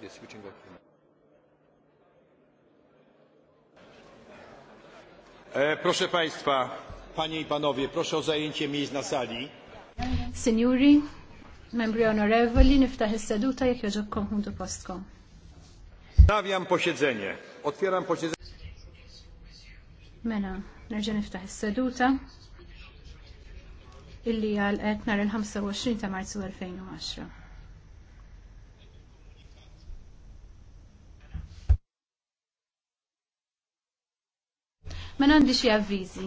the switching off. E, proszę Państwa, Panie i Panowie, proszę o zajęcie miejsc na sali. Signori, membri onorevoli, niftaħ seduta, jak jekk jogħġobkom do postką. Stawiam posiedzenie. Otwieram posiedzenie. Mena, nerġa' niftaħ seduta illi għal qed nhar il-25 ta' Marzu 2010. ma nandi xie avvizi.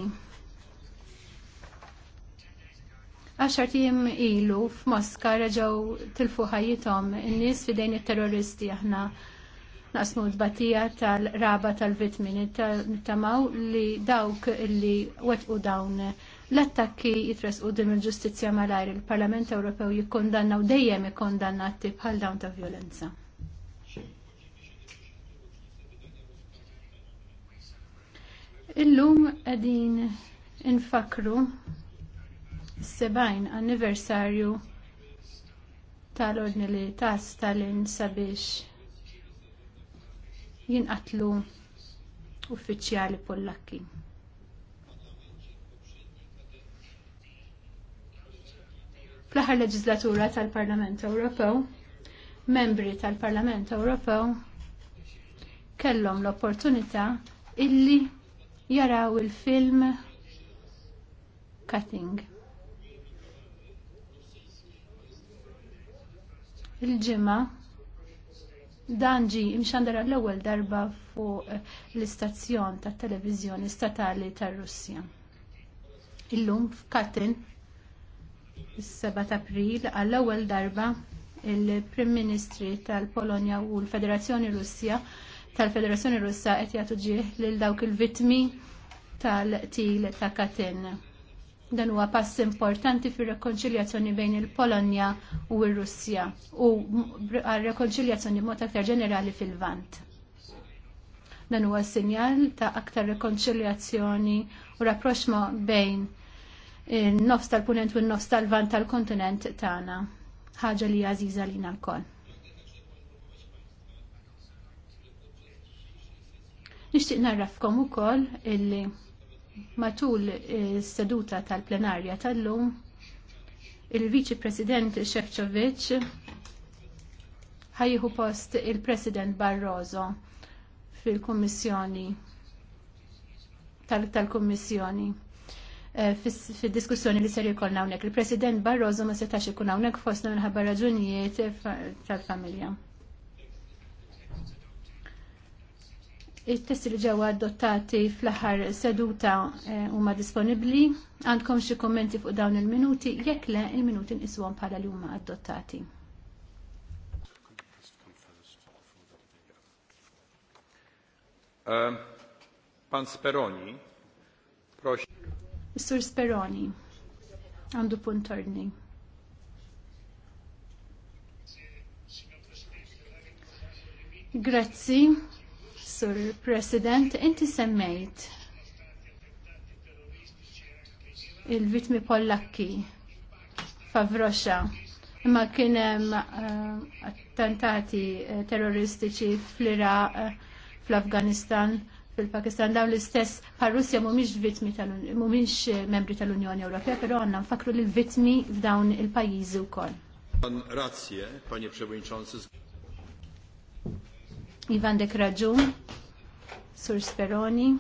Għaxar tim ilu f'Moska reġaw tilfu ħajjithom in-nies fidejn it-terroristi aħna naqsmu d-batija tal-raba tal tal-tamaw li dawk li wetqu dawn l-attakki jitresqu din il-ġustizja malajr il-Parlament Ewropew jikkondannaw dejjem ikkondannati bħal dawn ta' violenza. Illum qegħdin infakru s-sebajn anniversarju tal-ordni li ta' Stalin sabiex jinqatlu uffiċjali Pollakki. Fl-aħħar leġislatura tal-Parlament Ewropew, membri tal-Parlament Ewropew kellhom l-opportunità illi jaraw il-film Cutting. Il-ġimma dan ġi imxandara l-ewwel darba fuq eh, l-istazzjon tat televiżjoni statali tar-Russja. Illum f'Katin is-7 April għall-ewwel darba il-Prim Ministri tal-Polonja u l-Federazzjoni Russja tal-Federazzjoni Russa qed jagħtu ġieħ lil dawk il-vittmi tal-qtil ta' Katin. Dan huwa pass importanti fir-rekonċiljazzjoni bejn il-Polonja u r-Russja u għar rekonċiljazzjoni mod aktar ġenerali fil-Vant. Dan huwa sinjal ta' aktar rekonċiljazzjoni u rapproxma bejn il-nofs tal-punent u n-nofs tal-vant tal-kontinent tagħna. Ħaġa li għażiża lina l-koll. Nixtieq narrafkom ukoll illi matul is-seduta tal-plenarja tal-lum il-Viċi President Shevchovic ħajju post il-President Barroso fil-Kummissjoni tal-Kummissjoni eh, fil-diskussjoni li ser jkollna hawnhekk. Il-President Barroso ma setax ikun hawnhekk fostna minħabba raġunijiet tal-familja. Il-testi li ġewa adottati fl-aħħar seduta eh, huma disponibbli. Għandkom xi kommenti fuq dawn il-minuti, jekk le il-minuti nqishom bħala li huma adottati. Ehm, pan Speroni, proxi. Sur Speroni, għandu punt ordni. Grazzi. Sur President, inti semmejt il-vitmi pollakki favroxa imma kien hemm uh, attentati eh, terroristiċi fl-Iraq, eh, fl-Afganistan, fil-Pakistan dawn l-istess par-Russja mhumiex vitmi tal mhumiex membri tal-Unjoni Ewropea, però għandna nfakru l vitmi f'dawn il-pajjiżi wkoll. razzie, panie przewodniczący. Ivan dek raġun. Sur Speroni.